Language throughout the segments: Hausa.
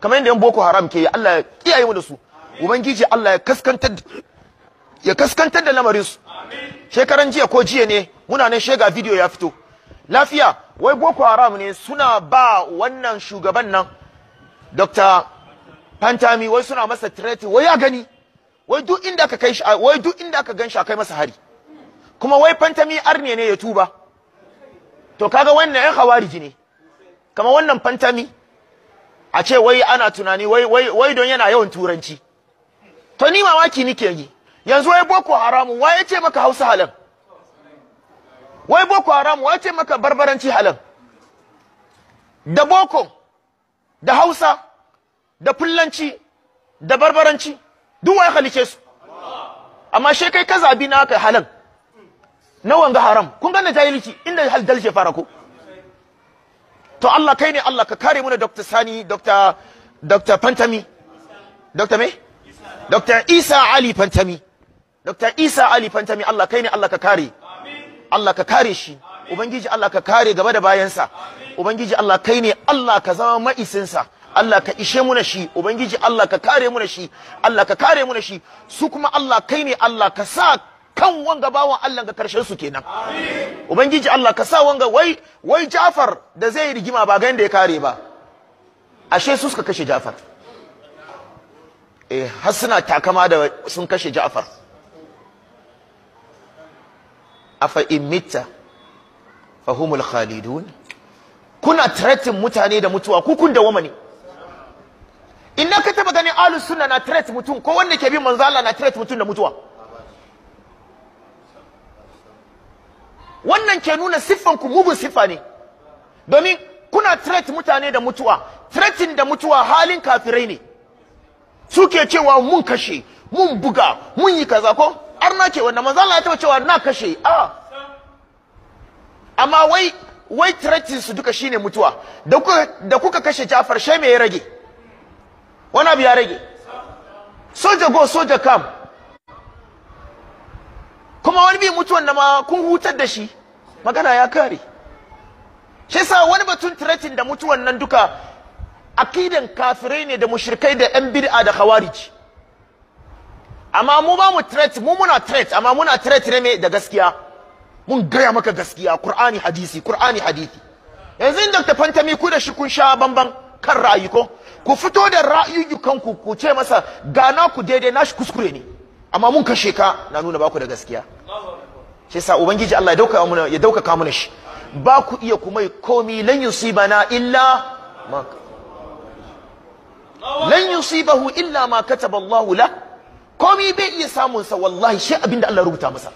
kamar yadda yan boko haram ke yi Allah ya kiyaye mu da su ubangiji Allah ya kaskantar ya kaskantar da lamarin su shekaran jiya ko jiya ne muna nan shega video ya fito lafiya wai boko haram ne suna ba wannan shugaban nan dr pantami wai suna masa threat wai ya gani wai duk inda ka kai shi wai duk inda akai masa hari kuma wai pantami arne ne ya tuba to kaga wannan yan hawariji ne kama wannan pantami a ce wai ana tunani wai wai wai don yana yawan turanci to ni mamaki nike yi yanzu wai boko haram wai yace ce maka hausa halal wai boko haram wai yace maka barbaranci halal da boko da hausa da fullanci da barbaranci duk wai halice su amma she kai ka zabi naka halan na wanga haram kun ga na jahilci inda hal dalje fara ko to Allah kai ne Allah ka kare mu Dr. Sani Dr. Dr. Fantami Dr. me Dr. Isa Ali Fantami Dr. Isa Ali Fantami Allah kai ne Allah ka kare Allah ka kare shi Ubangiji Allah ka kare gaba da bayansa Ubangiji Allah kai ne Allah ka zama ma'isinsa Allah ka ishe muna shi Ubangiji Allah ka kare mu shi Allah ka kare mu shi su kuma Allah kai ne Allah ka sa kan wanga bawan Allah ga karshen su kenan ubangiji Allah ka sa wanga wai wai Jafar da zai yi rigima ba ganin da ya kare ba ashe su suka kashe Jafar eh har suna takama da sun kashe Jafar afa imitta fahumul khalidun kuna threatin mutane da mutuwa ku kun dawama ne in na ka taba ganin ahlus sunna na threat mutum ko wanda ke bin manzo Allah na threat mutum da mutuwa wannan ke nuna siffan ku mugun siffa ne domin kuna threat mutane da mutuwa threatin da mutuwa halin kafirai ne suke cewa mun kashe mun buga mun yi kaza ko arna ke wanda manzo Allah ya taba cewa na kashe a amma wai wai threatin su duka shine mutuwa da kuka da kuka kashe Jafar shi me ya rage wani abu ya rage soja go soja kam kuma wani bi mutuwan da ma kun hutar da shi magana ya kare shi sa wani batun tiretin da mutuwan nan duka akidan kafirai ne da mushrikai da yan bid'a da khawarij amma mu ba mu threat mu muna threat amma muna threat ne me da gaskiya mun gaya maka gaskiya qur'ani hadisi qur'ani hadisi yanzu in fantami ku da shi kun sha bamban kan ra'ayi ko ku fito da ra'ayoyukan ku ku ce masa gana ku daidai nashi kuskure ne amma mun kashe ka na nuna baku da gaskiya Sai yasa ubangiji Allah ya dauka mu shi ba ku iya kuma komi lan na illa ma lan yusibahu illa ma kataba la komi bai iya samun sa wallahi shi abinda Allah rubuta masa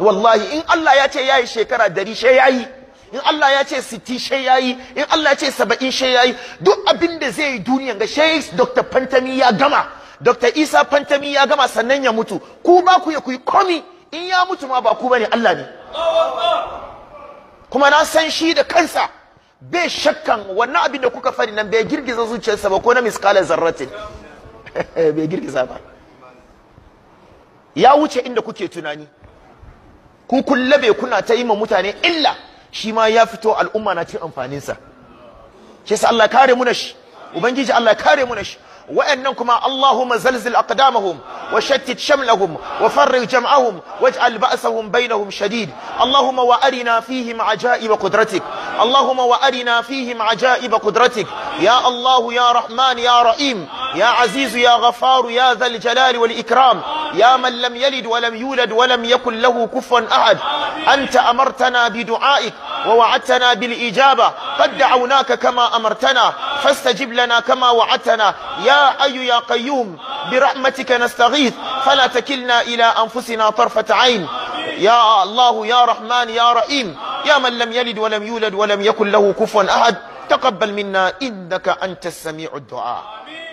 wallahi in Allah ya ce yayi shekara dari shi yayi in Allah ya ce siti shi yayi in Allah ya ce saba'in shi yayi duk abinda zai yi duniyan ga Sheikh Dr. Fantami ya gama Dr. Isa Fantami ya gama sannan ya mutu ku ba ku ya ku yi komi in ya mutu ma ba ku bane Allah ne kuma na san shi da kansa bai shakkan wannan abin da kuka fari nan bai girgiza zuciyarsa ba ko na miskalar zarratin bai girgiza ba ya wuce inda kuke tunani ku kulle bai kuna ta yi ma mutane illa shi ma ya fito al'umma na cin amfaninsa shi yasa Allah kare mu da shi ubangiji Allah kare mu da shi وأنكما اللهم زلزل أقدامهم وشتت شملهم وفرق جمعهم واجعل بأسهم بينهم شديد اللهم وأرنا فيهم عجائب قدرتك اللهم وأرنا فيهم عجائب قدرتك يا الله يا رحمن يا رحيم يا عزيز يا غفار يا ذا الجلال والإكرام يا من لم يلد ولم يولد ولم يكن له كفوا أحد أنت أمرتنا بدعائك ووعدتنا بالإجابة قد دعوناك كما أمرتنا فاستجب لنا كما وعدتنا يا حي يا قيوم برحمتك نستغيث فلا تكلنا إلى أنفسنا طرفة عين يا الله يا رحمن يا رحيم يا من لم يلد ولم يولد ولم يكن له كفوا أحد تقبل منا إنك أنت السميع الدعاء